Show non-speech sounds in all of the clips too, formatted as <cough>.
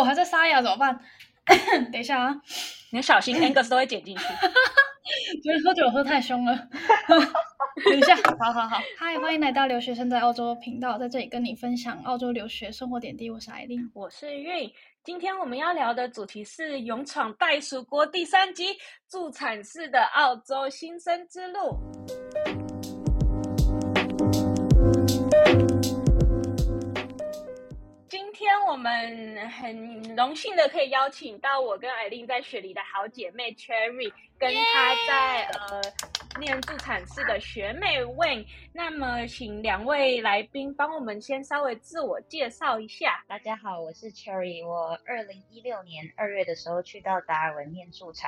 我還在沙啞，怎麼辦？ <laughs> 等一下啊！你要小心，Angus 都會剪進去。昨 <laughs> 得喝酒喝太凶了。 <laughs> <laughs> 等一下，好好好。嗨， <laughs> 歡迎來到留學生在澳洲頻道，在這裡跟你分享澳洲留學生活點滴。我是艾琳，我是韻。今天我們要聊的主題是《勇闖袋鼠國》第三集：助產士的澳洲新生之路。我們很榮幸的可以邀請到我跟艾琳在雪梨的好姐妹 Cherry，跟她在 Yeah! 呃念助產士的學妹 Wen。那麼，請兩位來賓幫我們先稍微自我介紹一下。大家好，我是 Cherry，我二零一六年二月的時候去到達爾文念助產，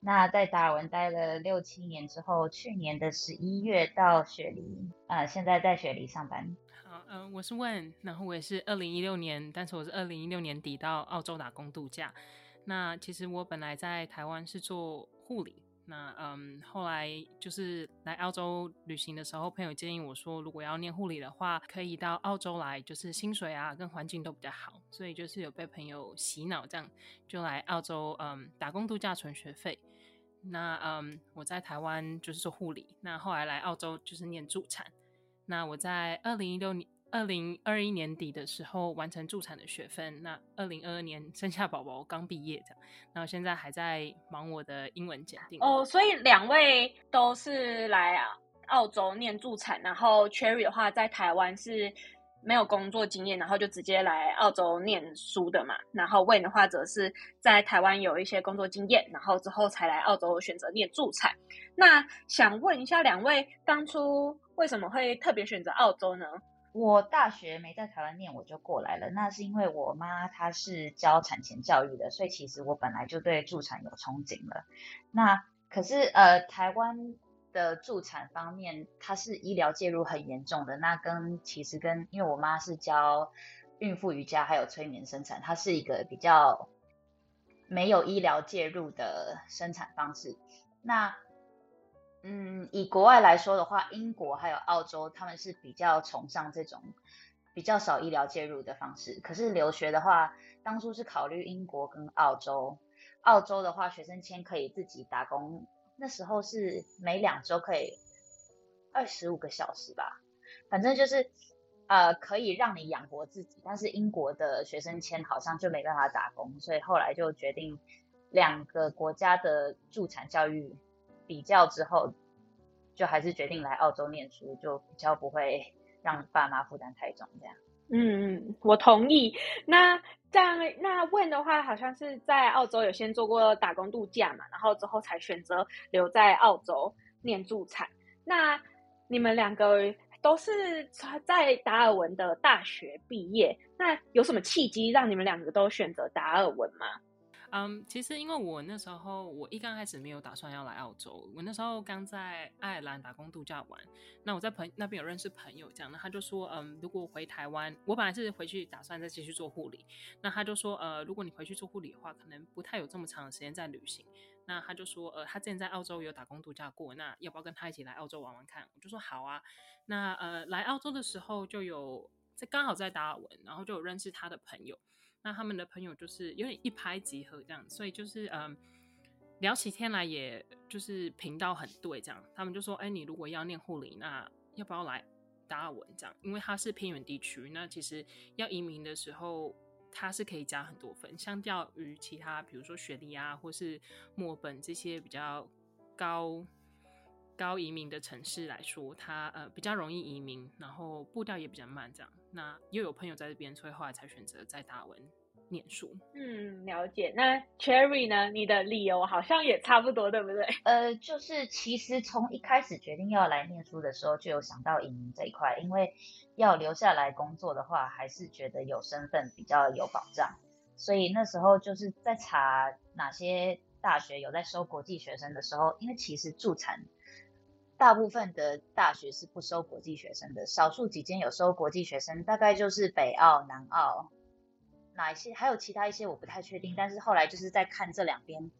那在達爾文待了六七年之後，去年的十一月到雪梨，呃，現在在雪梨上班。嗯，我是 Wen，然後我也是二零一六年，但是我是二零一六年底到澳洲打工度假。那其實我本來在台灣是做護理，那嗯，後來就是來澳洲旅行的時候，朋友建議我說，如果要念護理的話，可以到澳洲來，就是薪水啊跟環境都比較好，所以就是有被朋友洗腦，這樣就來澳洲嗯打工度假存學費。那嗯，我在台灣就是做護理，那後來來澳洲就是念助產。那我在二零一六年、二零二一年底的時候完成助產的學分，那二零二二年生下寶寶，我剛畢業的，然後現在還在忙我的英文檢定。哦，所以兩位都是來、啊、澳洲念助產，然後 Cherry 的話在台灣是沒有工作經驗，然後就直接來澳洲念書的嘛，然後 Wen 的話則是在台灣有一些工作經驗，然後之後才來澳洲選擇念助產。那想問一下兩位，當初為什麼會特別選擇澳洲呢？我大學沒在台灣念，我就過來了。那是因為我媽她是教產前教育的，所以其實我本來就對助產有憧憬了。那可是呃，台灣的助產方面，它是醫療介入很嚴重的。那跟其實跟因為我媽是教孕婦瑜伽還有催眠生產，它是一個比較沒有醫療介入的生產方式。那。嗯，以國外來說的話，英國還有澳洲，他們是比較崇尚這種比較少醫療介入的方式。可是留學的話，當初是考慮英國跟澳洲，澳洲的話學生簽可以自己打工，那時候是每兩周可以二十五個小時吧，反正就是呃可以讓你養活自己。但是英國的學生簽好像就沒辦法打工，所以後來就決定兩個國家的助產教育，比較之後，就還是決定來澳洲念書，就比較不會讓爸媽負擔太重，這樣。嗯嗯，我同意。那這樣，那問的話，好像是在澳洲有先做過打工度假嘛，然後之後才選擇留在澳洲念助產。那你們兩個都是在達爾文的大學畢業，那有什麼契機讓你們兩個都選擇達爾文嗎？嗯，um, 其實因為我那時候我一剛開始沒有打算要來澳洲，我那時候剛在愛爾蘭打工度假玩。那我在朋那邊有認識朋友這樣，那他就說，嗯，如果回台灣，我本來是回去打算再繼續做護理。那他就說，呃，如果你回去做護理的話，可能不太有這麼長的時間在旅行。那他就說，呃，他之前在澳洲有打工度假過，那要不要跟他一起來澳洲玩玩看？我就說好啊。那呃，來澳洲的時候就有在剛好在達爾文，然後就有認識他的朋友。那他們的朋友就是因為一拍即合這樣，所以就是嗯，聊起天來也就是頻道很對這樣。他們就說：“哎、欸，你如果要念護理，那要不要來達爾文這樣？因為它是偏遠地區，那其實要移民的時候，它是可以加很多分，相較於其他比如說雪梨啊或是墨本這些比較高。”高移民的城市來說，它，呃比較容易移民，然後步調也比較慢，這樣。那又有朋友在這邊，所以後來才選擇在達爾文念書。嗯，了解。那 Cherry 呢？你的理由好像也差不多，對不對？呃，就是其實從一開始決定要來念書的時候，就有想到移民這一塊，因為要留下來工作的話，還是覺得有身份比較有保障。所以那時候就是在查哪些大學有在收國際學生的時候，因為其實助產。大部分的大學是不收國際學生的，少數幾間有收國際學生，大概就是北澳、南澳，哪一些還有其他一些我不太確定。但是後來就是在看這兩邊，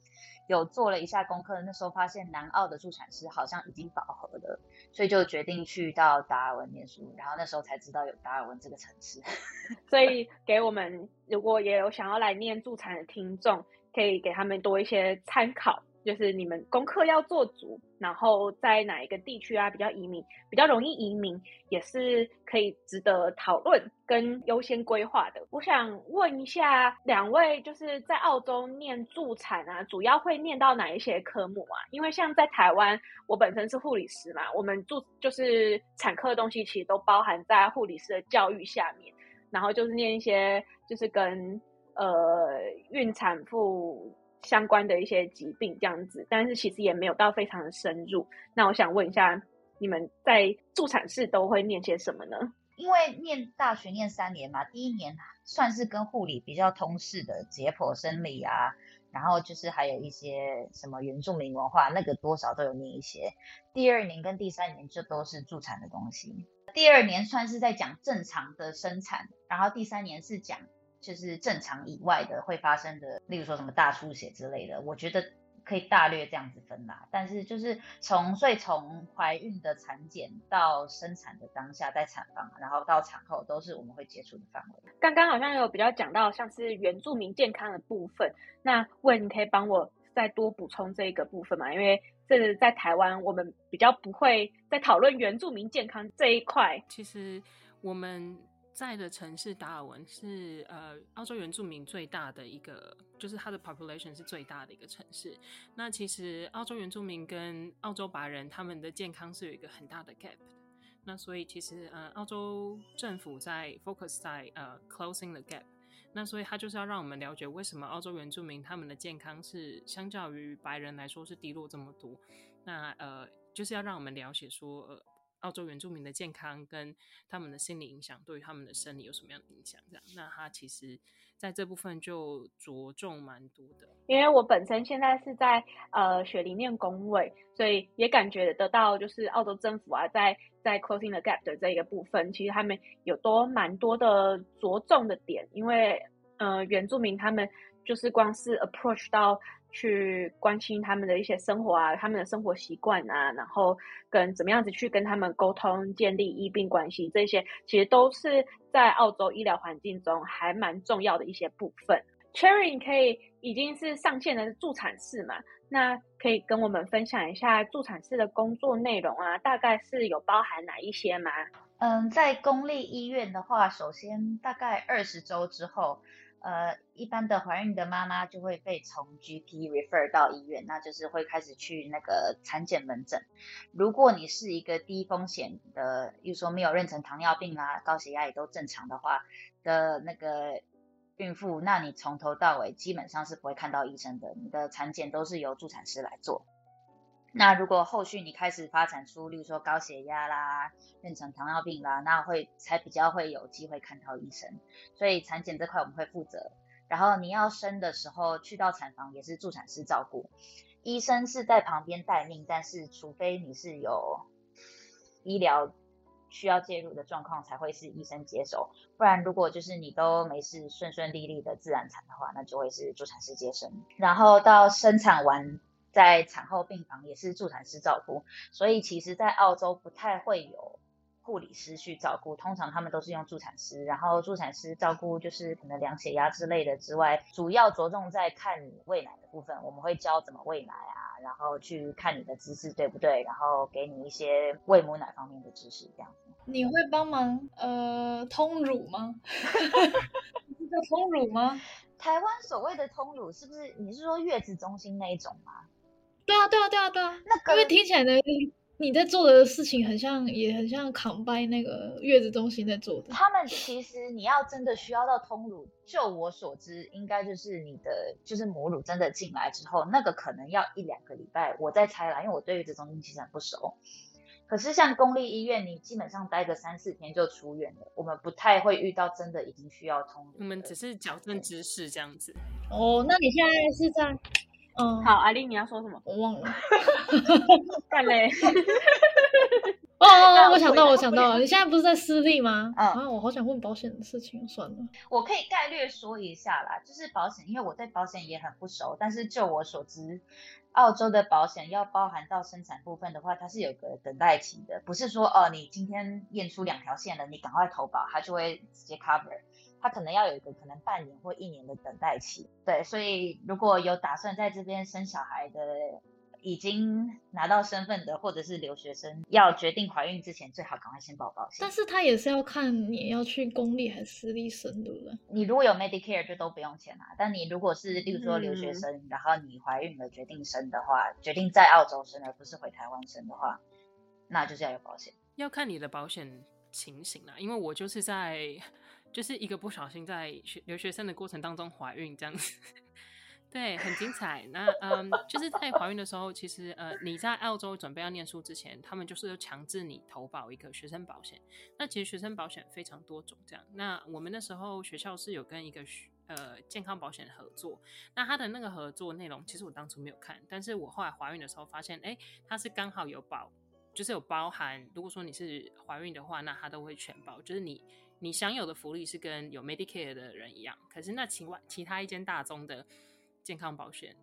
有做了一下功課，那時候發現南澳的助產師好像已經飽和了，所以就決定去到達爾文念書。然後那時候才知道有達爾文這個城市， <laughs> 所以給我們如果也有想要來念助產的聽眾，可以給他們多一些參考。就是你們功課要做足，然後在哪一個地區啊比較移民比較容易移民，也是可以值得討論跟優先規劃的。我想問一下兩位，就是在澳洲念助產啊，主要會念到哪一些科目啊？因為像在台灣，我本身是護理師嘛，我們助就是產科的東西其實都包含在護理師的教育下面，然後就是念一些就是跟呃孕產婦。相關的一些疾病這樣子，但是其實也沒有到非常的深入。那我想問一下，你們在助產系都會念些什麼呢？因為念大學念三年嘛，第一年算是跟護理比較通識的解剖生理啊，然後就是還有一些什麼原住民文化，那個多少都有念一些。第二年跟第三年就都是助產的東西。第二年算是在講正常的生產，然後第三年是講。就是正常以外的會發生的，例如說什麼大出血之類的，我覺得可以大略這樣子分啦。但是就是從所以從懷孕的產檢到生產的當下在產房，然後到產後都是我們會接觸的範圍。剛剛好像有比較講到像是原住民健康的部分，那 Wen 你可以幫我再多補充這個部分嘛？因為這是在台灣我們比較不會在討論原住民健康這一塊。其實我們。在的城市達爾文是呃澳洲原住民最大的一個，就是它的 population 是最大的一個城市。那其實澳洲原住民跟澳洲白人他們的健康是有一個很大的 gap 的。那所以其實呃澳洲政府在 focus 在呃 closing the gap。那所以它就是要讓我們了解為什麼澳洲原住民他們的健康是相較於白人來說是低落這麼多。那呃就是要讓我們了解說。呃澳洲原住民的健康跟他們的心理影響，對於他們的生理有什麼樣的影響？這樣，那他其實在這部分就着重蠻多的。因為我本身現在是在呃雪梨念工位，所以也感覺得得到，就是澳洲政府啊，在在 closing the gap 的這一個部分，其實他們有多蠻多的着重的點。因為，呃原住民他們。就是光是 approach 到去關心他們的一些生活啊，他們的生活習慣啊，然後跟怎麼樣子去跟他們溝通、建立醫病關係，這些其實都是在澳洲醫療環境中還蠻重要的一些部分。Cherry 你可以已經是上線的助產士嘛？那可以跟我們分享一下助產士的工作內容啊，大概是有包含哪一些嗎？嗯，在公立醫院的話，首先大概二十週之後。呃，一般的懷孕的媽媽就會被從 GP refer 到醫院，那就是會開始去那個產檢門診。如果你是一個低風險的，又說沒有妊娠糖尿病啊，高血壓也都正常的話的那個孕婦，那你從頭到尾基本上是不會看到醫生的，你的產檢都是由助產師來做。那如果後續你開始發展出，例如說高血壓啦、妊娠糖尿病啦，那會才比較會有機會看到醫生。所以產檢這塊我們會負責。然後你要生的時候去到產房也是助產師照顧，醫生是在旁邊待命。但是除非你是有醫療需要介入的狀況，才會是醫生接手。不然如果就是你都沒事順順利利的自然產的話，那就會是助產師接生。然後到生產完。在產後病房也是助產師照顧，所以其實，在澳洲不太會有護理師去照顧，通常他們都是用助產師，然後助產師照顧就是可能量血壓之類的之外，主要着重在看你餵奶的部分，我們會教怎麼餵奶啊，然後去看你的姿勢對不對，然後給你一些餵母奶方面的知識，這樣子。你會幫忙呃通乳嗎？通乳嗎？ <laughs> 乳嗎？台灣所謂的通乳是不是？你是說月子中心那一種嗎？對啊，對啊，對啊，對啊，那個，因為聽起來呢，你你在做的事情很像，也很像扛掰那個月子中心在做的。他們其實你要真的需要到通乳，就我所知，應該就是你的就是母乳真的進來之後，那個可能要一兩個禮拜，我在猜啦，因為我對月子中心其實很不熟。可是像公立醫院，你基本上待個三四天就出院了，我們不太會遇到真的已經需要通乳，我們只是矯正姿勢這樣子。哦，oh, 那你現在是在？Uh, 好，阿麗，你要說什麼？我忘了，幹嘞！哦，oh, 嗯、我想到，對我想到了，對你現在不是在私立嗎？嗯、啊，我好想問保險的事情，算了。我可以概略說一下啦，就是保險，因為我對保險也很不熟。但是就我所知，澳洲的保險要包含到生產部分的話，它是有個等待期的，不是說哦，你今天驗出兩條線了，你趕快投保，它就會直接 cover。它可能要有一個可能半年或一年的等待期。對，所以如果有打算在這邊生小孩的。已經拿到身份的，或者是留學生，要決定懷孕之前，最好趕快先保保險。但是他也是要看你要去公立還是私立生，對不對？你如果有 Medicare 就都不用錢啦。但你如果是，例如說留學生，嗯、然後你懷孕了決定生的話，決定在澳洲生而不是回台灣生的話，那就是要有保險。要看你的保險情形了、啊，因為我就是在就是一個不小心在學留學生的過程當中懷孕這樣子。對，很精彩。那嗯，就是在懷孕的時候，其實呃，你在澳洲準備要念書之前，他們就是要強制你投保一個學生保險。那其實學生保險非常多種這樣。那我們那時候學校是有跟一個呃健康保險合作。那他的那個合作內容，其實我當初沒有看，但是我後來懷孕的時候發現，哎、欸，他是剛好有保，就是有包含。如果說你是懷孕的話，那他都會全保，就是你你享有的福利是跟有 Medicare 的人一樣。可是那另外其他一間大宗的。健康保險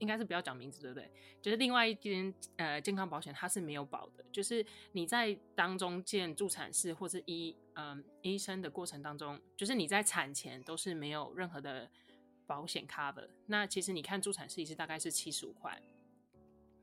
應該是不要講名字，對不對？就是另外一間呃健康保險，它是沒有保的。就是你在當中見助產士或是醫嗯醫生的過程當中，就是你在產前都是沒有任何的保險 cover。那其實你看助產士一次大概是七十五塊。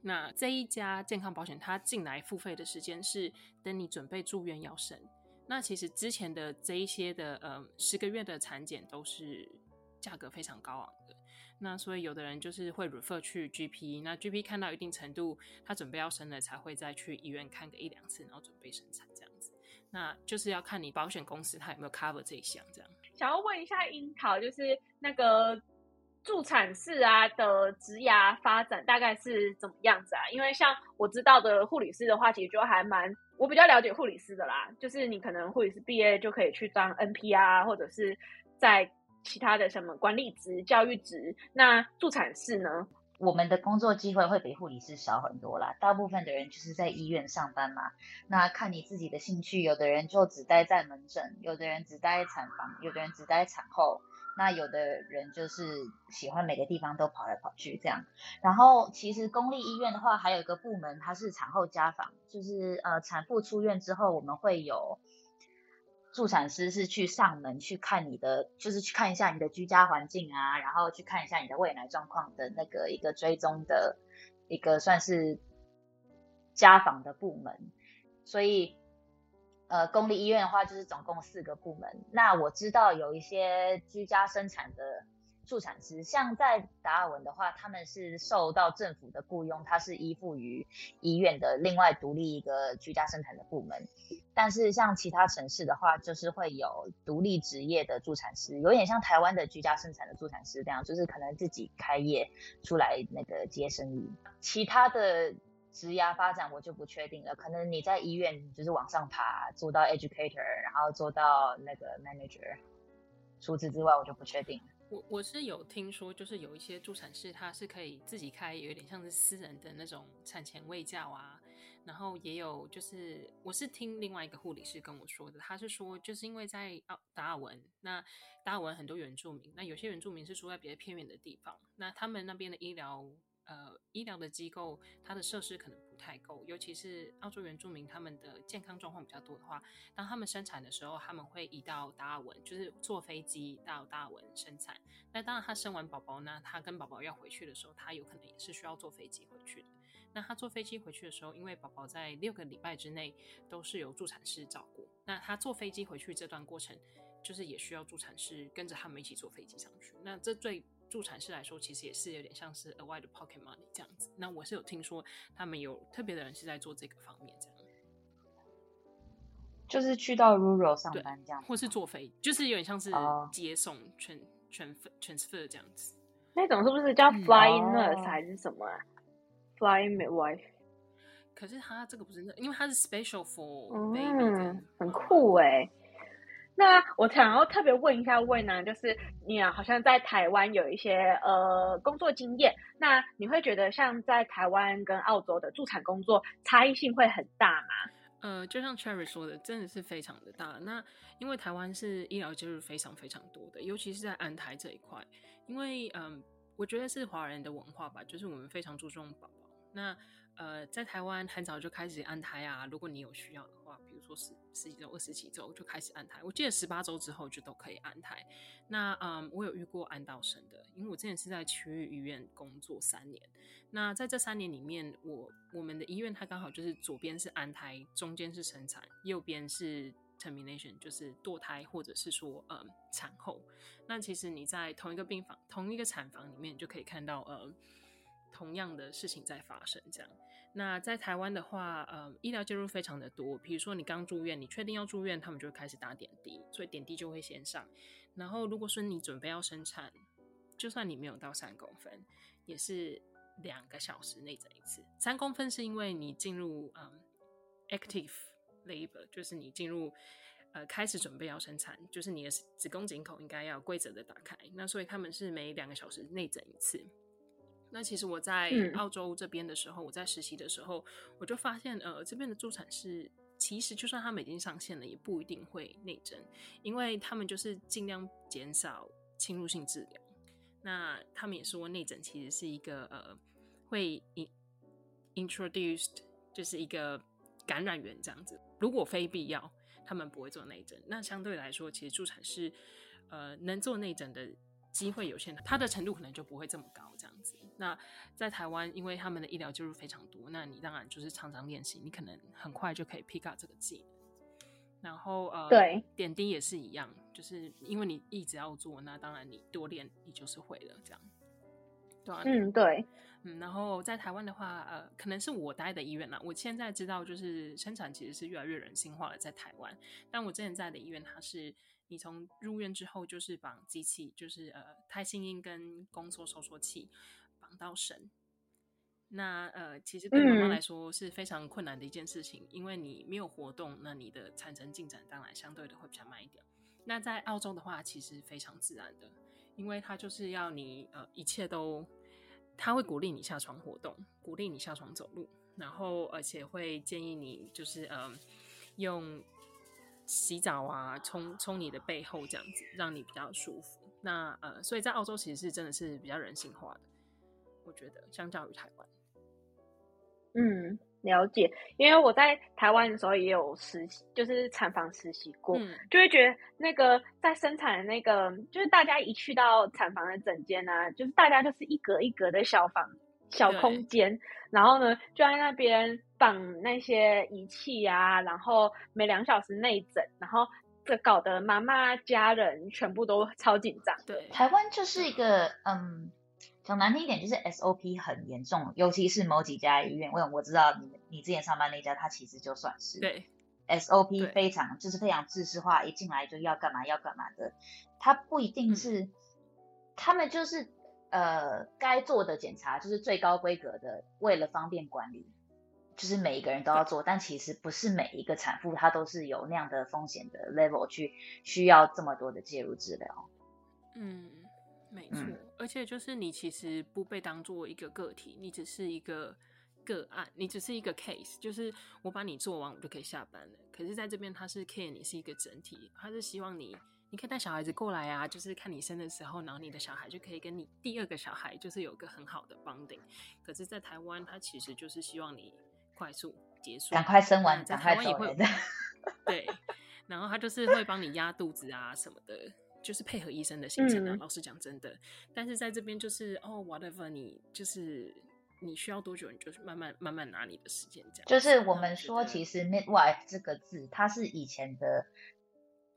那這一家健康保險，它進來付費的時間是等你準備住院要生。那其實之前的這一些的呃、嗯、十個月的產檢都是價格非常高昂的。那所以有的人就是會 refer 去 GP，那 GP 看到一定程度，他準備要生了才會再去醫院看個一兩次，然後準備生產這樣子。那就是要看你保險公司它有沒有 cover 這一項這樣。想要問一下櫻桃，就是那個助產士啊的職涯發展大概是怎麼樣子啊？因為像我知道的護理師的話，其實就還蠻我比較了解護理師的啦。就是你可能護理師畢業就可以去當 NP 啊，或者是在。其他的什麼管理職、教育職，那助產士呢？我們的工作機會會比護理師少很多啦。大部分的人就是在醫院上班嘛。那看你自己的興趣，有的人就只待在門診，有的人只待在產房，有的人只待在產後。那有的人就是喜歡每個地方都跑來跑去這樣。然後其實公立醫院的話，還有一個部門，它是產後家訪，就是呃產婦出院之後，我們會有。助產師是去上門去看你的，就是去看一下你的居家環境啊，然後去看一下你的未來狀況的那個一個追蹤的一個算是家訪的部門。所以，呃，公立醫院的話就是總共四個部門。那我知道有一些居家生產的。助產師，像在達爾文的話，他們是受到政府的僱傭，他是依附於醫院的另外獨立一個居家生產的部門。但是像其他城市的話，就是會有獨立職業的助產師，有點像台灣的居家生產的助產師這樣，就是可能自己開業出來那個接生意。其他的職涯發展我就不確定了，可能你在醫院就是往上爬，做到 educator，然後做到那個 manager。除此之外，我就不確定了。我我是有聽說，就是有一些助產士，他是可以自己開，有點像是私人的那種產前衛教啊。然後也有，就是我是聽另外一個護理師跟我說的，他是說，就是因為在達爾文，那達爾文很多原住民，那有些原住民是住在比較偏遠的地方，那他們那邊的醫療。呃，醫療的機構，它的設施可能不太夠，尤其是澳洲原住民，他們的健康狀況比較多的話，當他們生產的時候，他們會移到達爾文，就是坐飛機到達爾文生產。那當然，他生完寶寶呢，他跟寶寶要回去的時候，他有可能也是需要坐飛機回去的。那他坐飛機回去的時候，因為寶寶在六個禮拜之內都是由助產師照顧，那他坐飛機回去這段過程，就是也需要助產師跟着他們一起坐飛機上去。那這最。助產士來說，其實也是有點像是額外的 pocket money 這樣子。那我是有聽說，他們有特別的人是在做這個方面，這樣，就是去到 rural 上班這樣，或是坐飛，就是有點像是接送、oh. trans tran, transfer 這樣子。那種是不是叫 flying nurse、oh. 還是什麼、啊 oh.？flying midwife？可是他這個不是、那個，因為他是 special for baby，、嗯、很酷哎、欸。那我想要特別問一下 Wen 呢，就是你、啊、好像在台灣有一些呃工作經驗，那你會覺得像在台灣跟澳洲的助產工作差異性會很大嗎？呃，就像 Cherry 說的，真的是非常的大。那因為台灣是醫療介入非常非常多的，尤其是在安胎這一塊，因為嗯、呃，我覺得是華人的文化吧，就是我們非常注重寶寶。那呃，在台灣很早就開始安胎啊，如果你有需要。做十十幾周、二十幾周就開始安胎，我記得十八周之後就都可以安胎。那嗯，我有遇過安到生的，因為我之前是在區域醫院工作三年。那在這三年裡面，我我們的醫院它剛好就是左邊是安胎，中間是生產，右邊是 termination，就是墮胎或者是說嗯產後。那其實你在同一個病房、同一個產房裡面，就可以看到呃、嗯、同樣的事情在發生，這樣。那在台灣的話，呃、嗯，醫療介入非常的多。比如說你剛住院，你確定要住院，他們就開始打點滴，所以點滴就會先上。然後如果說你準備要生產，就算你沒有到三公分，也是兩個小時內診一次。三公分是因為你進入嗯 active labor，就是你進入呃開始準備要生產，就是你的子宮頸口應該要規則的打開。那所以他們是每兩個小時內診一次。那其實我在澳洲這邊的時候，嗯、我在實習的時候，我就發現，呃，這邊的助產士其實就算他們已經上線了，也不一定會內診，因為他們就是盡量減少侵入性治療。那他們也說，內診其實是一個呃會 in introduced 就是一個感染源這樣子。如果非必要，他們不會做內診。那相對來說，其實助產士呃能做內診的。機會有限，它的程度可能就不會這麼高，這樣子。那在台灣，因為他們的醫療技術非常多，那你當然就是常常練習，你可能很快就可以 pick up 這個技。然後呃，對，點滴也是一樣，就是因為你一直要做，那當然你多練，你就是會了，這樣。對啊，嗯，對。嗯，然後在台灣的話，呃，可能是我待的醫院啦。我現在知道，就是生產其實是越來越人性化了，在台灣。但我之前在的醫院，它是。你從入院之後就是綁機器，就是呃胎心音跟宮縮收縮器綁到神。那呃，其實對媽媽來說是非常困難的一件事情，因為你沒有活動，那你的產程進展當然相對的會比較慢一點。那在澳洲的話，其實非常自然的，因為它就是要你呃一切都，他會鼓勵你下床活動，鼓勵你下床走路，然後而且會建議你就是嗯、呃、用。洗澡啊，沖沖你的背後這樣子，讓你比較舒服。那呃，所以在澳洲其實是真的是比較人性化的，我覺得相較於台灣。嗯，了解，因為我在台灣的時候也有實習，就是產房實習過，嗯、就會覺得那個在生產的那個，就是大家一去到產房的整間啊，就是大家就是一格一格的小房。小空間，對然後呢，就在那邊綁那些儀器啊，然後每兩小時內診，然後這搞得媽媽家人全部都超緊張。對，台灣就是一個，嗯，講難聽一點，就是 SOP 很嚴重，尤其是某幾家醫院，我、嗯、我知道你你之前上班那家，他其實就算是對 SOP 非常，對就是非常制式化，一進來就要幹嘛要幹嘛的，他不一定是，嗯、他們就是。呃，該做的檢查就是最高規格的，為了方便管理，就是每一個人都要做。但其實不是每一個產婦她都是有那樣的風險的 level 去需要這麼多的介入治療。嗯，沒錯。嗯、而且就是你其實不被當做一個個體，你只是一個個案，你只是一個 case。就是我把你做完，我就可以下班了。可是在這邊，他是 care 你是一個整體，他是希望你。你可以帶小孩子過來啊，就是看你生的時候，然後你的小孩就可以跟你第二個小孩就是有一個很好的 bonding 可是，在台灣，他其實就是希望你快速結束，趕快生完，趕快走人的。對，然後他就是會幫你壓肚子啊什麼的， <laughs> 就是配合醫生的行程、啊。老實講，真的。嗯、但是在這邊就是哦，whatever，你就是你需要多久，你就慢慢慢慢拿你的時間這樣子。就是我們說，其實 midwife、嗯、這個字，它是以前的。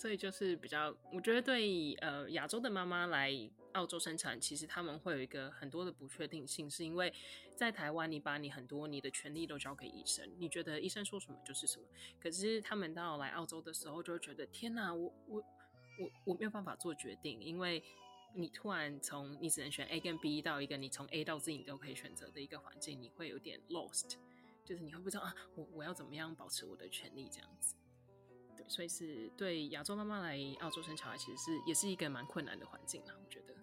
所以就是比較，我覺得對呃亞洲的媽媽來澳洲生產，其實他們會有一個很多的不確定性，是因為在台灣你把你很多你的權利都交給醫生，你覺得醫生說什麼就是什麼。可是他們到來澳洲的時候就覺得天哪，我我我我沒有辦法做決定，因為你突然從你只能選 A 跟 B 到一個你從 A 到 Z 你都可以選擇的一個環境，你會有點 lost，就是你會不知道啊我我要怎麼樣保持我的權利這樣子。所以是對亞洲媽媽來澳洲生小孩，其實是也是一個蠻困難的環境啦、啊。我覺得，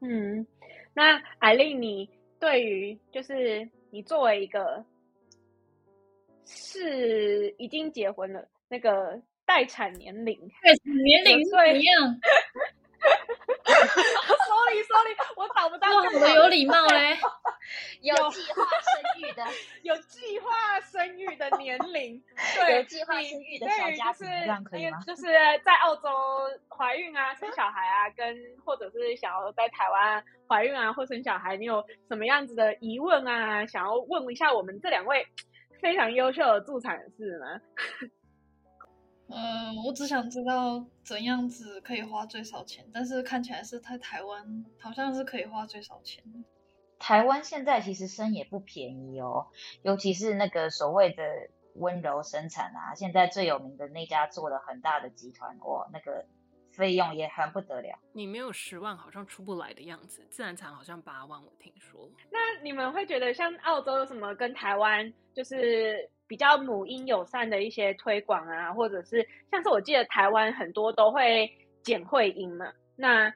嗯，那艾麗，你對於就是你作為一個是已經結婚了，那個待產年齡，年齡是怎樣？ <laughs> 你說你我找不到，哇，怎麼有禮貌嘞？有，有計劃生育的， <laughs> 有計劃生育的年齡， <laughs> 對，有計劃生育的小家庭，就是在澳洲懷孕啊、 <laughs> 生小孩啊，跟或者是想要在台灣懷孕啊或生小孩，你有什麼樣子的疑問啊？想要問一下我們這兩位非常優秀的助產士呢？ <laughs> 嗯、呃，我只想知道怎樣子可以花最少錢，但是看起來是在台灣，好像是可以花最少錢的。台灣現在其實生也不便宜哦，尤其是那個所謂的溫柔生產啊，現在最有名的那家做了很大的集團哦，那個。費用也很不得了，你沒有十萬好像出不來的樣子。自然產好像八萬，我聽說。那你們會覺得像澳洲有什麼跟台灣就是比較母嬰友善的一些推廣啊，或者是像是我記得台灣很多都會剪會陰嘛？那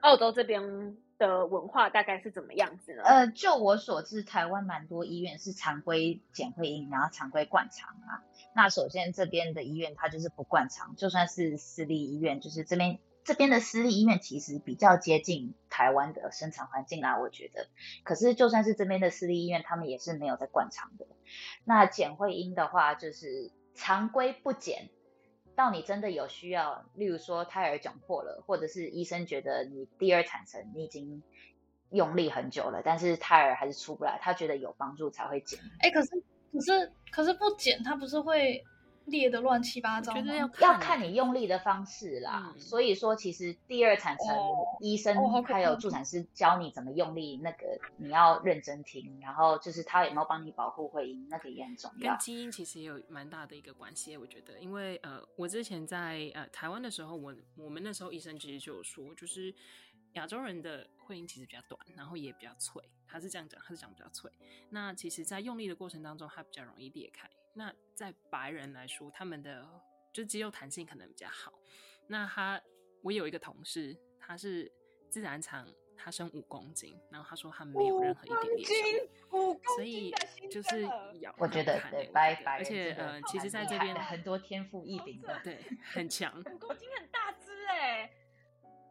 澳洲這邊的文化大概是怎麼樣子呢？呃，就我所知，台灣蠻多醫院是常規剪會陰，然後常規灌腸啊。那首先這邊的醫院它就是不灌腸，就算是私立醫院，就是這邊這邊的私立醫院其實比較接近台灣的生產環境啦，啊，我覺得。可是就算是這邊的私立醫院，他們也是沒有在灌腸的。那剪會陰的話，就是常規不剪，到你真的有需要，例如說胎兒窘迫了，或者是醫生覺得你第二產程你已經用力很久了，但是胎兒還是出不來，他覺得有幫助才會剪。哎，欸，可是。可是，可是不剪，它不是會裂的亂七八糟嗎？要看你用力的方式啦。嗯、所以說，其實第二產程，醫生還有助產師教你怎麼用力，oh, okay, okay. 那個你要認真聽。然後就是他有沒有幫你保護會陰，那個也很重要。跟基因其實也有蠻大的一個關係，我覺得。因為呃，我之前在呃台灣的時候，我我們那時候醫生其實就有說，就是。亞洲人的會陰其實比較短，然後也比較脆。他是這樣講，他是講比較脆。那其實，在用力的過程當中，它比較容易裂開。那在白人來說，他們的就肌肉彈性可能比較好。那他，我有一個同事，他是自然長，他生五公斤，然後他說他沒有任何一點裂五斤。五公斤，所以就是看看我覺得對，拜拜。而且、呃，其實在這邊很多天賦異禀的，對，很強。五公斤很大只哎、欸。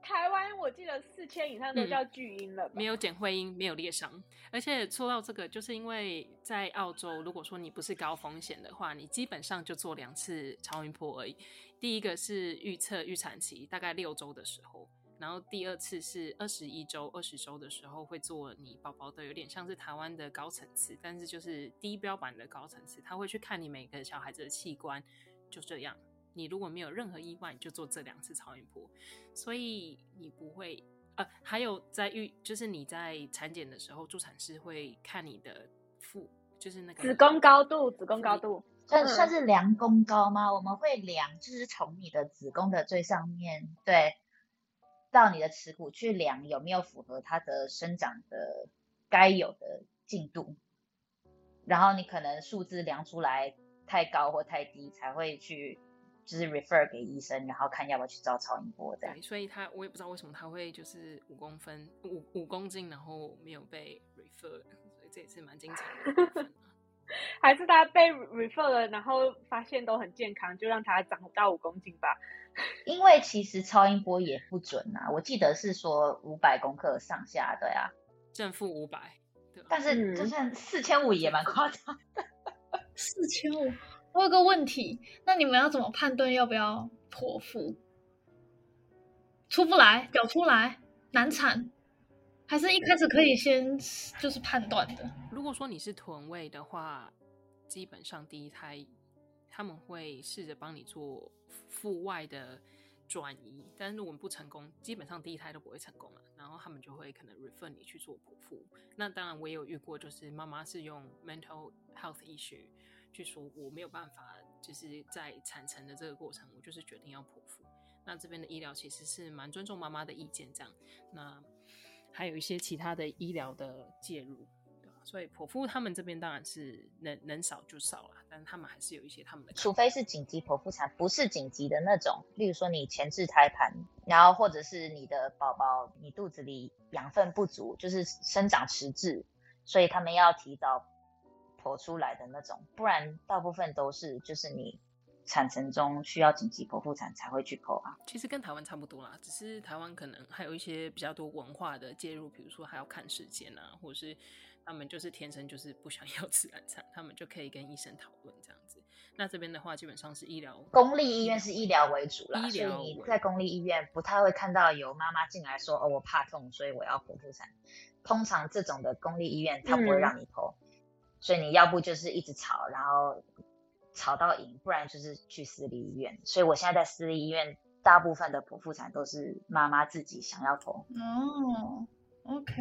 台灣我記得四千以上都叫巨嬰了、嗯，沒有撿會陰，沒有裂傷。而且說到這個，就是因為在澳洲，如果說你不是高風險的話，你基本上就做兩次超音波而已。第一個是預測預產期，大概六周的時候；然後第二次是二十一周、二十周的時候會做你寶寶的，有點像是台灣的高層次，但是就是低標版的高層次，他會去看你每個小孩子的器官，就這樣。你如果沒有任何意外，你就做這兩次超音波。所以你不會，啊，還有在預就是你在產檢的時候，助產師會看你的腹，就是那個子宮高度，子宮高度算算是量宮高嗎？我們會量，就是從你的子宮的最上面對到你的恥骨去量，有沒有符合它的生長的該有的進度？然後你可能數字量出來太高或太低，才會去。就是 refer 給醫生，然後看要不要去照超音波這樣。對，所以他我也不知道為什麼他會就是五公分五五公斤，然後沒有被 refer，所以這也是蠻經常的。 <laughs> 還是他被 refer 了，然後發現都很健康，就讓他長到五公斤吧。因為其實超音波也不準啊。我記得是說五百公克上下的呀，對啊、正負五百。但是就算四千五也蠻誇張的，四千五。問個問題，那你們要怎麼判斷要不要剖腹？出不來，掉出來，難產，還是一開始可以先就是判斷的？如果說你是臀位的話，基本上第一胎他們會試着幫你做腹外的轉移，但是如果我們不成功，基本上第一胎都不會成功了，然後他們就會可能 refer 你去做剖腹。那當然我也有遇過，就是媽媽是用 mental health issue。就說我沒有辦法，就是在產程的這個過程，我就是決定要剖腹。那這邊的醫療其實是蠻尊重媽媽的意見，這樣。那還有一些其他的醫療的介入，對吧？所以剖腹他們這邊當然是能能少就少了，但他們還是有一些他們的，除非是緊急剖腹產，不是緊急的那種，例如說你前置胎盤，然後或者是你的寶寶你肚子裡養分不足，就是生長遲滯，所以他們要提早。剖出來的那種，不然大部分都是就是你產程中需要緊急剖腹產才會去剖啊。其實跟台灣差不多啦，只是台灣可能還有一些比較多文化的介入，比如說還要看時間啊，或者是他們就是天生就是不想要自然產，他們就可以跟醫生討論這樣子。那這邊的話，基本上是醫療，公立醫院是醫療為主啦，醫療，所以你在公立醫院不太會看到有媽媽進來說哦，我怕痛，所以我要剖腹產。通常這種的公立醫院，他不會讓你剖。嗯。所以你要不就是一直吵，然後吵到贏，不然就是去私立醫院。所以我現在在私立醫院，大部分的剖腹產都是媽媽自己想要剖。哦，Oh, OK，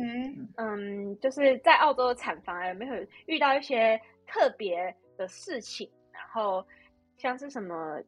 嗯，um, 就是在澳洲的產房有沒有遇到一些特別的事情？然後像是什麼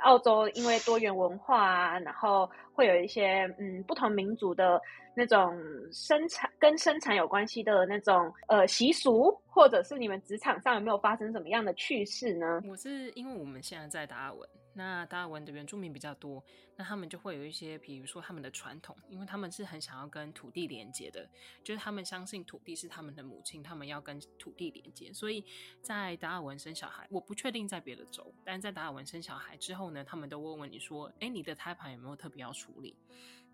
澳洲因為多元文化啊，然後。會有一些嗯，不同民族的那種生產跟生產有關係的那種呃習俗，或者是你們職場上有沒有發生什麼樣的趣事呢？我是因為我們現在在達爾文，那達爾文的原住民比較多，那他們就會有一些，比如說他們的傳統，因為他們是很想要跟土地連接的，就是他們相信土地是他們的母親，他們要跟土地連接，所以在達爾文生小孩，我不確定在別的州，但在達爾文生小孩之後呢，他們都問問你說，哎，你的胎盤有沒有特別要。處理，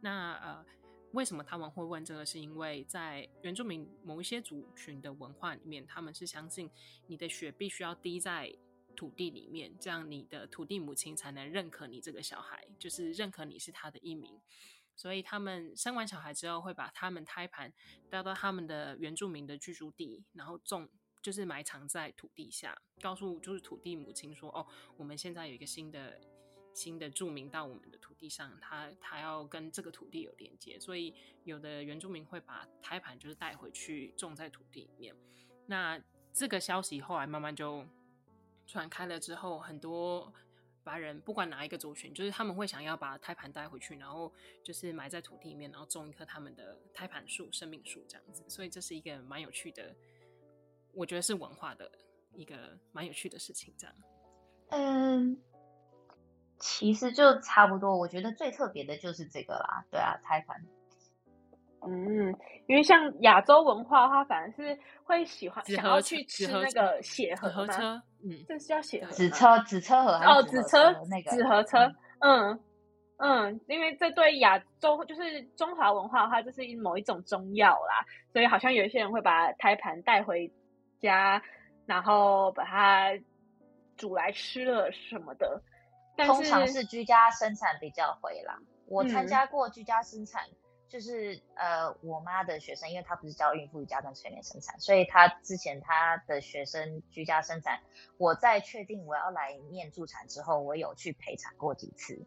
那呃，為什麼他們會問這個是？是因為在原住民某一些族群的文化裡面，他們是相信你的血必須要滴在土地裡面，這樣你的土地母親才能認可你這個小孩，就是認可你是他的一名。所以他們生完小孩之後，會把他們胎盤帶到，到他們的原住民的居住地，然後種，就是埋藏在土地下，告訴就是土地母親說：“哦，我們現在有一個新的。”新的住民到我們的土地上，他他要跟這個土地有連接，所以有的原住民會把胎盤就是帶回去種在土地裡面。那這個消息後來慢慢就傳開了之後，很多白人不管哪一個族群，就是他們會想要把胎盤帶回去，然後就是埋在土地裡面，然後種一棵他們的胎盤樹、生命樹這樣子。所以這是一個蠻有趣的，我覺得是文化的一個蠻有趣的事情。這樣，嗯。其實就差不多，我覺得最特別的就是這個啦。對啊，胎盤，嗯，因為像亞洲文化的話，反而是會喜歡紫河想要去吃那個紫河車紫河車盒，是紫河車嗯，就是要紫河紫河車紫河車盒哦，紫河紫河車，嗯嗯，因為這對亞洲就是中華文化的話，就是某一種中藥啦，所以好像有一些人會把胎盤帶回家，然後把它煮來吃了什麼的。通常是居家生產比較會啦。是我參加過居家生產，嗯、就是呃，我媽的學生，因為她不是教孕婦瑜伽跟催眠生產，所以她之前她的學生居家生產。我在確定我要來念助產之後，我有去陪產過幾次，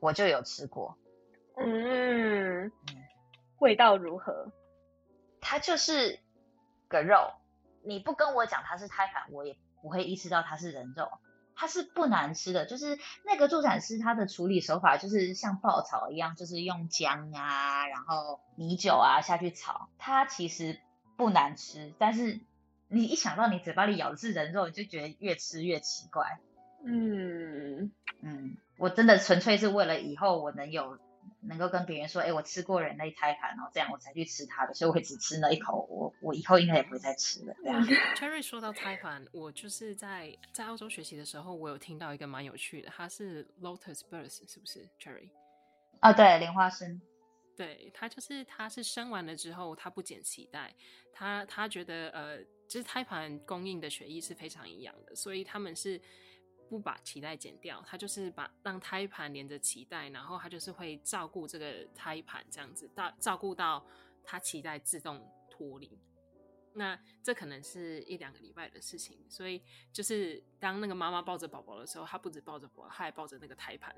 我就有吃過。嗯，嗯，味道如何？它就是個肉，你不跟我講它是胎盤，我也不會意識到它是人肉。它是不難吃的，就是那個助產師他的處理手法，就是像爆炒一樣，就是用薑啊，然後米酒啊下去炒，它其實不難吃，但是你一想到你嘴巴裡咬的是人肉，你就覺得越吃越奇怪。嗯嗯，我真的純粹是為了以後我能有，能夠跟別人說，哎、欸，我吃過人類胎盤，然後這樣我才去吃它的，所以我會只吃那一口，我我以後應該也不會再吃了。這樣、啊。Cherry、嗯、 <laughs> 說到胎盤，我就是在在澳洲學習的時候，我有聽到一個蠻有趣的，他是 Lotus Birth，是不是 Cherry？啊、哦，對，蓮花生，對，他就是他是生完了之後，他不剪臍帶，他他覺得呃，就是胎盤供應的血液是非常營養的，所以他們是。不把臍帶剪掉，他就是把讓胎盤連着臍帶，然後他就是會照顧這個胎盤，這樣子到照，照顧到他臍帶自動脫離。那這可能是一兩個禮拜的事情，所以就是當那個媽媽抱着寶寶的時候，她不止抱着寶寶，他還抱着那個胎盤。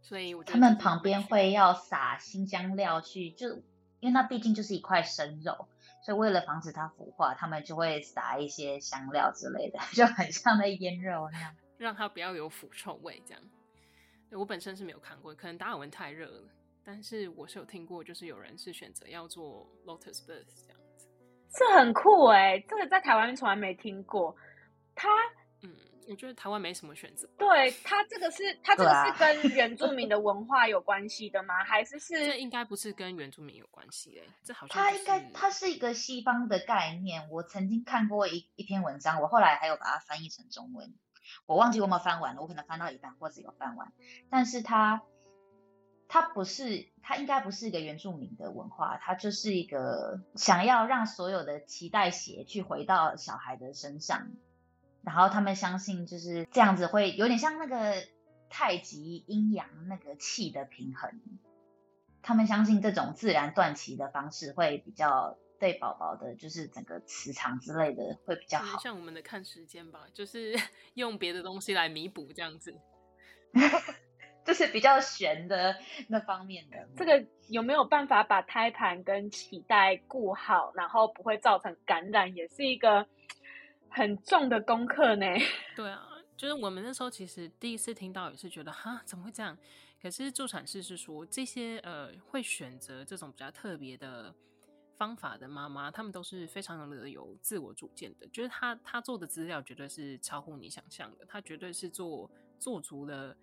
所以他們旁邊會要撒辛香料去，就因為那畢竟就是一塊生肉，所以為了防止它腐化，他們就會撒一些香料之類的，就很像那醃肉那樣。讓它不要有腐臭味，這樣。我本身是沒有看過，可能達爾文太熱了。但是我是有聽過，就是有人是選擇要做 lotus birth 這樣子，是很酷哎、欸。這個在台灣從來沒聽過。它，嗯，我覺得台灣沒什麼選擇。對，它這個是它這個是跟原住民的文化有關係的嗎？還是是 <laughs> 應該不是跟原住民有關係的。這好像。它應該，它是一個西方的概念。我曾經看過一一篇文章，我後來還有把它翻譯成中文。我忘記有沒有翻完了，我可能翻到一半或者有翻完，但是它它不是，它應該不是一個原住民的文化，它就是一個想要讓所有的臍帶血去回到小孩的身上，然後他們相信就是這樣子會有點像那個太極陰陽那個氣的平衡，他們相信這種自然斷臍的方式會比較。對寶寶的，就是整個磁場之類的會比較好。像我們的看時間吧，就是用別的東西來彌補這樣子， <laughs> 就是比較懸的那方面的。 <laughs> 這個有沒有辦法把胎盤跟臍帶顧好，然後不會造成感染，也是一個很重的功課呢？對啊，就是我們那時候其實第一次聽到也是覺得，哈，怎麼會這樣？可是助產師是說，這些呃，會選擇這種比較特別的。方法的媽媽，他們都是非常有有自我主見的。就是他他做的資料，絕對是超乎你想象的。他絕對是做做足了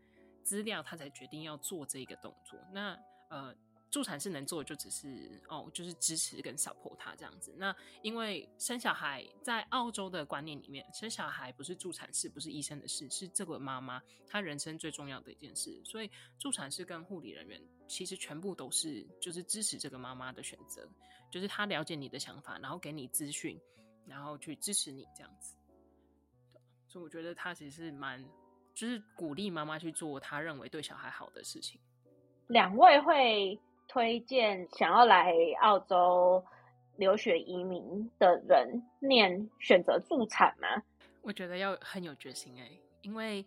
資料，他才決定要做這個動作。那呃。助產士能做的就只是哦，就是支持跟 support 他這樣子。那因為生小孩在澳洲的觀念裡面，生小孩不是助產士，不是醫生的事，是這個媽媽她人生最重要的一件事。所以助產士跟護理人員其實全部都是就是支持這個媽媽的選擇，就是他了解你的想法，然後給你資訊，然後去支持你這樣子。所以我覺得他其實是蠻就是鼓勵媽媽去做他認為對小孩好的事情。兩位會推薦想要來澳洲留學移民的人念選擇助產嗎？我覺得要很有決心欸，因為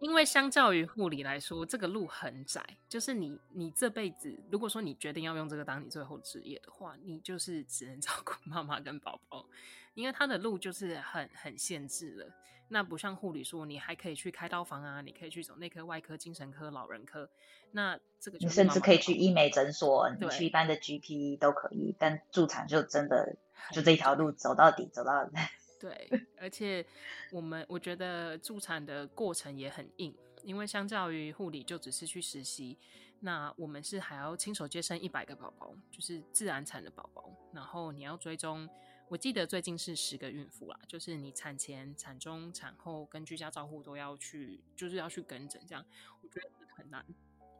因為相較於護理來說，這個路很窄。就是你你這輩子，如果說你決定要用這個當你最後職業的話，你就是只能照顧媽媽跟寶寶，因為他的路就是很很限制了。那不像護理，說你還可以去開刀房啊，你可以去走內科、外科、精神科、老人科，那這個就是甚至可以去醫美診所，你去一般的 GP 都可以，對但助產就真的就這一條路走到底 <laughs> 走到底。走到底對，而且我們我覺得助產的過程也很硬，因為相較於護理，就只是去實習，那我們是還要親手接生一百個寶寶，就是自然產的寶寶，然後你要追蹤。我記得最近是十個孕婦啦，就是你產前、產中、產後跟居家照護都要去，就是要去跟診這樣，我覺得很難。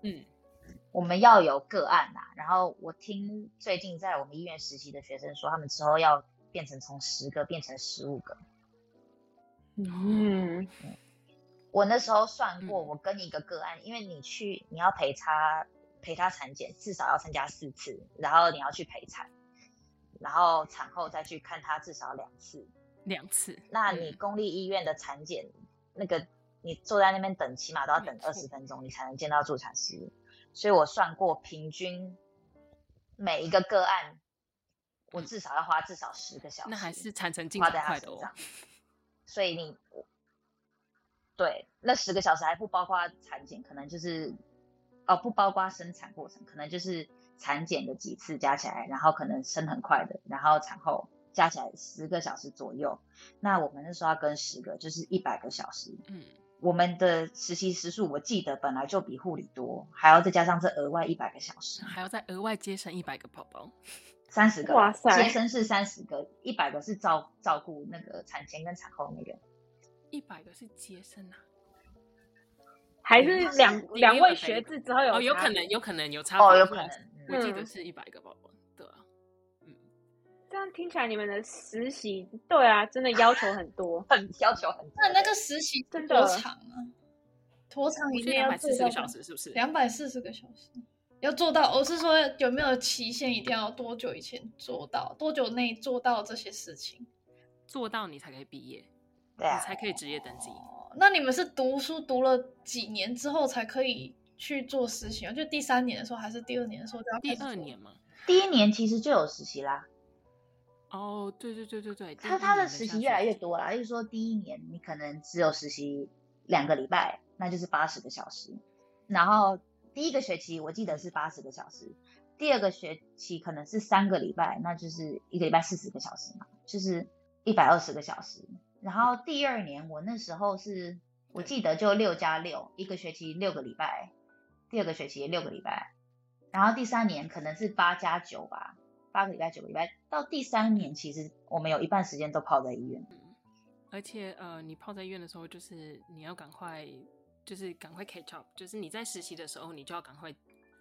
嗯，我們要有個案啦，然後我聽最近在我們醫院實習的學生說，他們之後要變成從十個變成十五個。嗯，我那時候算過，嗯，我跟你一個個案，因為你去你要陪他陪他產檢，至少要參加四次，然後你要去陪產。然後產後再去看他至少兩次，兩次。那你公立醫院的產檢，嗯、那個你坐在那邊等，起碼都要等二十分鐘，沒錯。你才能見到助產師。所以我算過，平均每一個個案，我至少要花至少十個小時。嗯、那還是產程進的快的哦。所以你，對，那十個小時還不包括產檢，可能就是哦，不包括生產過程，可能就是。產檢的幾次加起來，然後可能生很快的，然後產後加起來十個小時左右。那我們那時候要跟十個，就是一百個小時。嗯，我們的實習時數我記得本來就比護理多，還要再加上這額外一百個小時，還要再額外接生一百個寶寶，三十個。哇塞，接生是三十個，一百個是照照顧那個產前跟產後那個。一百個是接生啊？還是兩兩位學制之後有,誰有,誰有誰、哦？有可能，有可能有差別哦，有可能。我記得是一百個寶寶、嗯，對啊，嗯，這樣聽起來你們的實習，對啊，真的要求很多，很、啊、要求很多。那那個實習多長啊？拖長一定要四四十個小時是不是？兩百四十個小時要做到，我、哦、是說有沒有期限？一定要多久以前做到？多久內做到這些事情？做到你才可以畢業，對啊、你才可以職業登記、哦、那你們是讀書讀了幾年之後才可以？去做實習就第三年的時候還是第二年的時候就要？第二年嘛。第一年其實就有實習啦。哦，對對對對對，他他的，的實習越來越多了。就是說，第一年你可能只有實習兩個禮拜，那就是八十個小時。然後第一個學期我記得是八十個小時，第二個學期可能是三個禮拜，那就是一個禮拜四十個小時嘛，就是一百二十個小時。然後第二年我那時候是，我記得就六加六，六，對，一個學期六個禮拜。第二個學期六個禮拜，然後第三年可能是八加九吧，八個禮拜九個禮拜。到第三年，其實我們有一半時間都泡在醫院。嗯，而且呃，你泡在醫院的時候，就是你要趕快，就是趕快 catch up，就是你在實習的時候，你就要趕快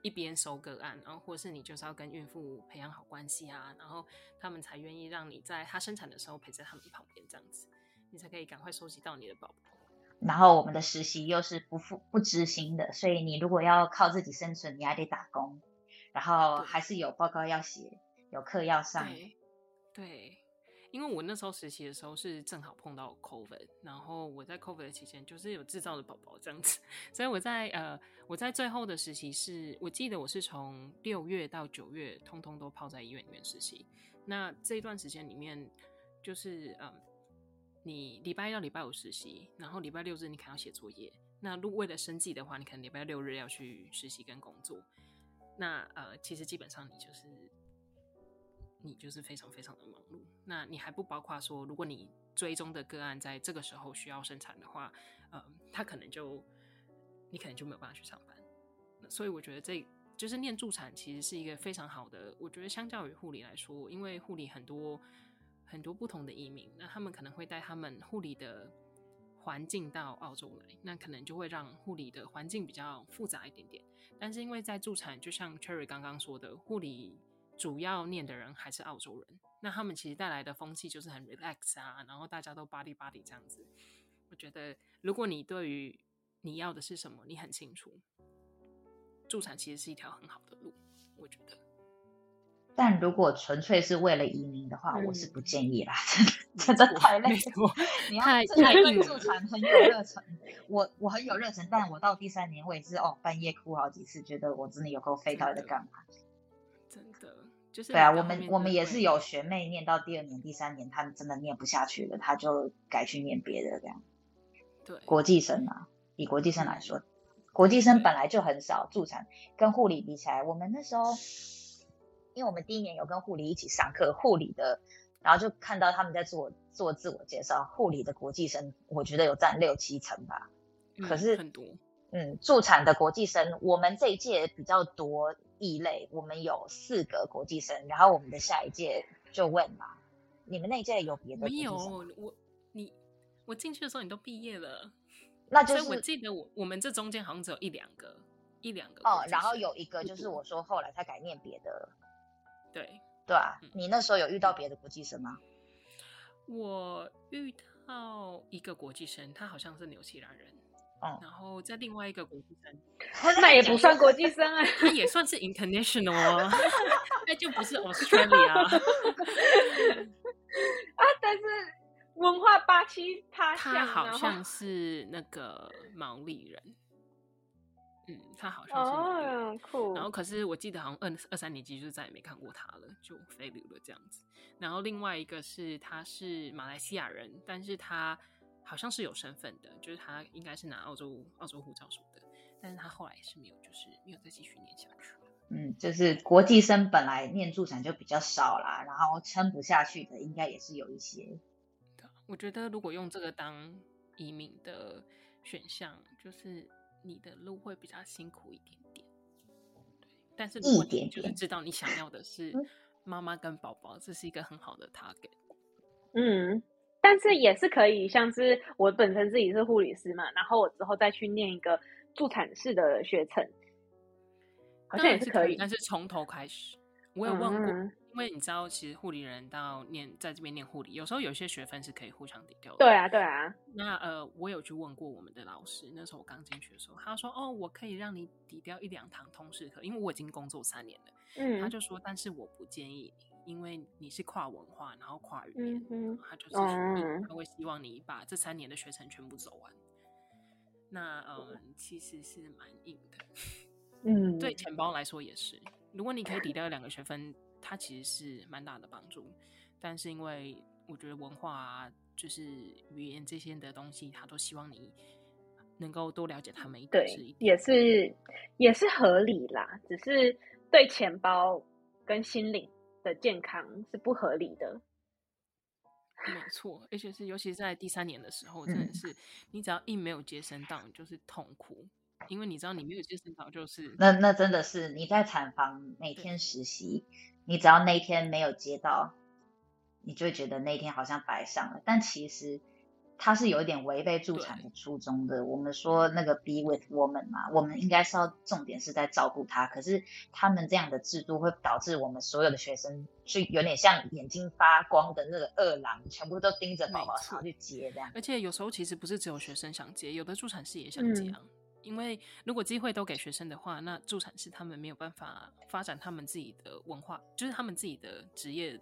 一邊收個案，然後或是你就是要跟孕婦培養好關係啊，然後他們才願意讓你在他生產的時候陪在他們旁邊，這樣子你才可以趕快收集到你的寶寶。然後我們的實習又是不付不支薪的，所以你如果要靠自己生存，你還得打工，然後還是有報告要寫，有課要上。對，對，因為我那時候實習的時候是正好碰到 COVID，然後我在 COVID 的期間就是有製造的寶寶這樣子，所以我在呃，我在最後的實習是，我記得我是從六月到九月，通通都泡在醫院裡面實習。那這一段時間裡面，就是嗯。呃你禮拜一到禮拜五實習，然後禮拜六日你可能要寫作業。那如果為了生計的話，你可能禮拜六日要去實習跟工作。那呃，其實基本上你就是你就是非常非常的忙碌。那你還不包括說，如果你追蹤的個案在這個時候需要生產的話，呃，他可能就你可能就沒有辦法去上班。所以我覺得這就是念助產其實是一個非常好的。我覺得相較於護理來說，因為護理很多。很多不同的移民，那他們可能會帶他們護理的環境到澳洲來，那可能就會讓護理的環境比較複雜一點點。但是因為在助產，就像 Cherry 剛剛說的，護理主要念的人還是澳洲人，那他們其實帶來的風氣就是很 relax 啊，然後大家都巴里巴里這樣子。我覺得，如果你對於你要的是什麼你很清楚，助產其實是一條很好的路，我覺得。但如果純粹是為了移民的話，我是不建議啦，真的太累。你要這台論助產很有熱忱，我我很有熱忱，但我到第三年，我也是哦，半夜哭好幾次，覺得我真的有夠廢掉在幹嘛？真的就是對啊，我們我們也是有學妹念到第二年、第三年，她真的念不下去了，她就改去念別的這樣。對，國際生啊，以國際生來說，國際生本來就很少，助產跟護理比起來，我們那時候。因為我們第一年有跟護理一起上課，護理的，然後就看到他們在做做自我介紹，護理的國際生，我覺得有占六七成吧。嗯、可是很多，嗯，助產的國際生，我們這一屆比較多異類，我們有四個國際生，然後我們的下一屆就問嘛，你們那一屆有別的沒有？我你我進去的時候你都畢業了，那就是，所以我記得我我們這中間好像只有一兩個一兩個、就是、哦，然後有一個就是我，多我說後來他改念別的。對對啊，你那時候有遇到別的國際生嗎？嗯。我遇到一個國際生，他好像是紐西蘭人哦。嗯、然後在另外一個國際生，他那也不算國際生啊，他也算是 international，那 <laughs> 就不是 Australia 啊， <laughs> 但是文化八七他他好像是那個毛利人。嗯，他好像是、那個，Oh, cool. 然後可是我記得好像二二三年級就再也沒看過他了，就 failure 了這樣子。然後另外一個是他是馬來西亞人，但是他好像是有身份的，就是他應該是拿澳洲澳洲護照什麼的，但是他後來是沒有，就是沒有再繼續念下去。嗯，就是國際生本來念助產就比較少啦，然後撐不下去的應該也是有一些。對，我覺得如果用這個當移民的選項，就是。你的路會比較辛苦一點點，對，但是重點就是知道你想要的是媽媽跟寶寶，這是一個很好的 target。嗯，但是也是可以，像是我本身自己是護理師嘛，然後我之後再去念一個助產士的學程，好像也是可，是可以，但是從頭開始，我有問過。嗯因為你知道，其實護理人到念在這邊念護理，有時候有些學分是可以互相抵掉的。對啊，對啊。那呃，我有去問過我們的老師，那時候我剛進去的時候，他說：“哦，我可以讓你抵掉一兩堂通識課，因為我已經工作三年了。”嗯，他就說：“但是我不建議，因為你是跨文化，然後跨語言，嗯嗯、然後他就是、啊、他會希望你把這三年的學程全部走完。那”那、呃、嗯，其實是蠻硬的。嗯， <laughs> 對錢包來說也是。如果你可以抵掉兩個學分。它其實是蠻大的幫助，但是因為我覺得文化、啊、就是語言這些的東西，他都希望你能夠多了解他們一點。對，也是也是合理啦，只是對錢包跟心靈的健康是不合理的。沒錯，而且是尤其在第三年的時候，真的是、嗯、你只要一沒有接生到，就是痛苦，因為你知道你沒有接生到就是那那真的是你在產房每天實習。你只要那一天沒有接到，你就會覺得那一天好像白上了。但其實他是有一點違背助產的初衷的。對我們說那個 be with woman 嘛，我們應該是要重點是在照顧他。可是他們這樣的制度會導致我們所有的學生就有點像眼睛發光的那個餓狼，全部都盯着寶寶上去接這樣。而且有時候其實不是只有學生想接，有的助產士也想接啊。嗯因為如果機會都給學生的話，那助產士他們沒有辦法發展他們自己的文化，就是他們自己的職業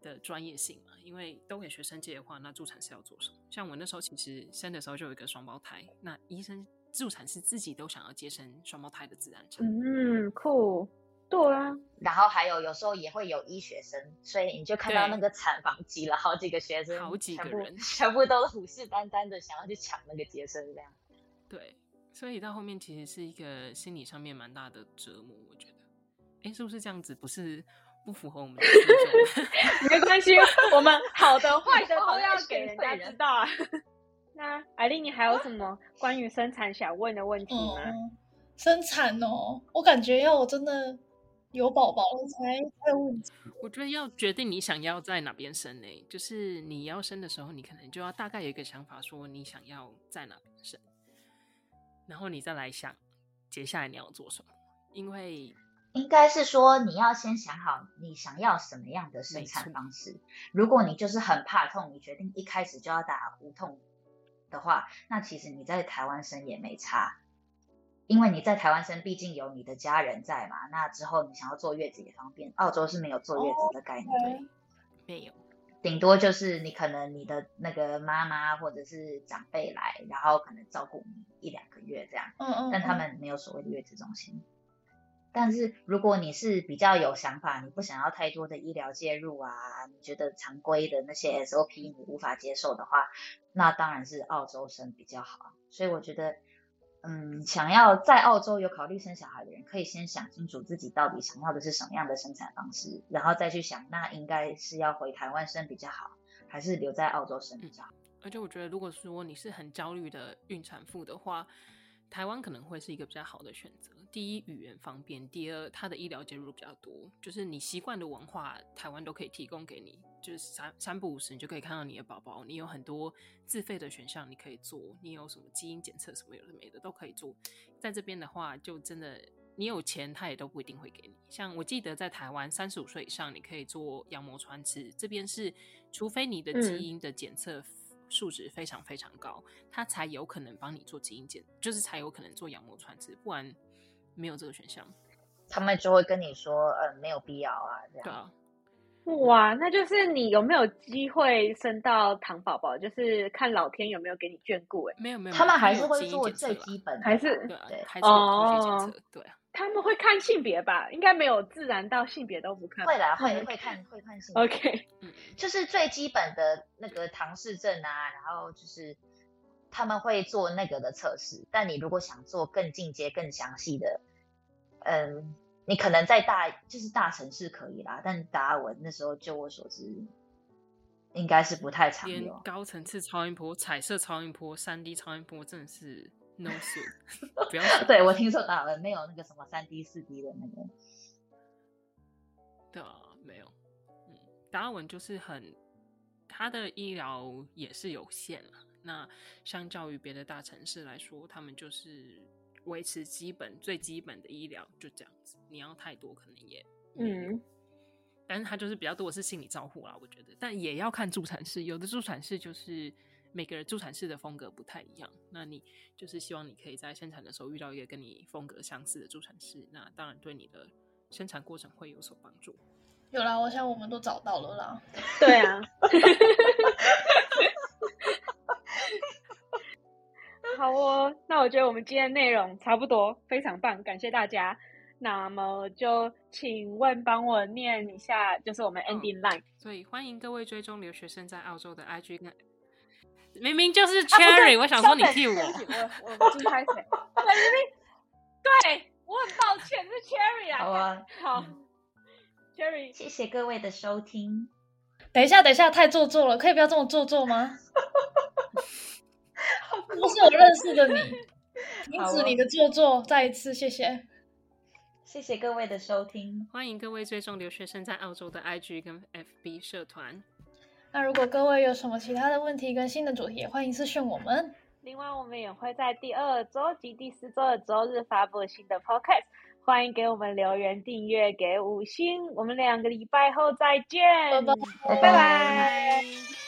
的專業性嘛。因為都給學生接的話，那助產士要做什麼？像我那時候其實生的時候就有一個雙胞胎，那醫生助產士自己都想要接生雙胞胎的自然產。嗯，酷，對啊。然後還有有時候也會有醫學生，所以你就看到對那個產房擠了好幾個學生，好幾個人全，全部都虎視眈眈的想要去搶那個接生這樣。對。所以到後面其實是一個心理上面蠻大的折磨，我覺得。哎、欸，是不是這樣子？不是不符合我們的。 <laughs> 沒關係心， <laughs> 我們好的壞的都要給人家知道啊。 <laughs> <laughs> 那艾莉，你還有什麼關於生產想問的問題嗎？嗯、生產哦，我感覺要我真的有寶寶了才問。我覺得要決定你想要在哪邊生呢、欸？就是你要生的時候，你可能就要大概有一個想法，說你想要在哪邊生。然後你再來想，接下來你要做什麼？因為應該是說你要先想好你想要什麼樣的生產方式。沒錯。如果你就是很怕痛，你決定一開始就要打無痛的話，那其實你在台灣生也沒差，因為你在台灣生畢竟有你的家人在嘛。那之後你想要坐月子也方便。澳洲是沒有坐月子的概念，oh, okay. 沒有。頂多就是你可能你的那個媽媽或者是長輩來，然後可能照顧你一兩個月這樣，嗯，嗯嗯，但他們沒有所謂的月子中心。但是如果你是比較有想法，你不想要太多的醫療介入啊，你覺得常規的那些 SOP 你無法接受的話，那當然是澳洲生比較好。所以我覺得。嗯，想要在澳洲有考慮生小孩的人，可以先想清楚自己到底想要的是什麼樣的生產方式，然後再去想那應該是要回台灣生比較好，還是留在澳洲生比較好。嗯，而且我覺得，如果說你是很焦慮的孕產婦的話。台灣可能會是一個比較好的選擇。第一，語言方便；第二，它的醫療介入比較多，就是你習慣的文化，台灣都可以提供給你，就是三三不五時，你就可以看到你的寶寶。你有很多自費的選項，你可以做。你有什麼基因檢測，什麼有的沒的都可以做。在這邊的話，就真的你有錢，他也都不一定會給你。像我記得在台灣，三十五歲以上你可以做羊膜穿刺，這邊是除非你的基因的檢測、嗯。數值非常非常高，他才有可能幫你做基因檢，就是才有可能做羊膜穿刺，不然沒有這個選項。他們就會跟你說，呃，沒有必要啊，這樣。啊、哇，那就是你有沒有機會生到唐寶寶？就是看老天有沒有給你眷顧，哎、欸。沒有沒有，他們還是會做最基本的，還是對、啊、對，還是基因檢測，哦、對、啊。他們會看性別吧，應該沒有自然到性別都不看。會啦，會 Okay. 會看會看性別。OK，就是最基本的那個唐氏症啊，然後就是他們會做那個的測試。但你如果想做更進階、更詳細的，嗯，你可能在大就是大城市可以啦，但達爾文那時候，就我所知，應該是不太常見。高層次超音波、彩色超音波、三 D 超音波，真的是。S no suit, s u i <laughs> <laughs> 對，我聽說達爾文沒有那個什麼三 D 四 D 的那個，對啊，沒有。嗯，達爾文就是很，他的醫療也是有限，那相較於別的大城市來說，他們就是維持基本最基本的醫療就這樣子。你要太多可能也，嗯，但是他就是比較多的是心理照護啦，我覺得，但也要看助產士，有的助產士就是。每個人助產士的風格不太一樣，那你就是希望你可以在生產的時候遇到一個跟你風格相似的助產士，那當然對你的生產過程會有所幫助。有啦，我想我們都找到了啦。 <laughs> 對啊。 <laughs> 好哦，那我覺得我們今天的內容差不多，非常棒，感謝大家。那麼就請問幫我念一下，就是我們 ending line。Oh, 所以歡迎各位追蹤留學生在澳洲的 IG 跟。明明就是 Cherry，啊、我想說你替我，我。我我公開誰？ <laughs> 對，明明我很抱歉，是 Cherry 啊。好，Cherry，啊，謝謝各位的收聽。等一下，等一下，太做作了，可以不要這麼做作嗎？ <laughs> 好愛不是我認識的你， <laughs> 哦、停止你的做作，再一次謝謝，謝謝各位的收聽，歡迎各位追蹤留學生在澳洲的 IG 跟 FB 社團。那如果各位有什麼其他的問題跟新的主題，也歡迎私詢我們。另外，我們也會在第二周及第四周的周日發布新的 p o c a e t 歡迎給我們留言、訂閱給五星。我們兩個禮拜後再見，拜拜。拜拜拜拜。